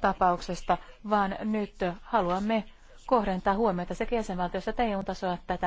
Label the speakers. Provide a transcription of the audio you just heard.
Speaker 1: tapauksesta, vaan nyt haluamme kohdentaa huomiota sekä jäsenvaltiossa että EU-tasolla tätä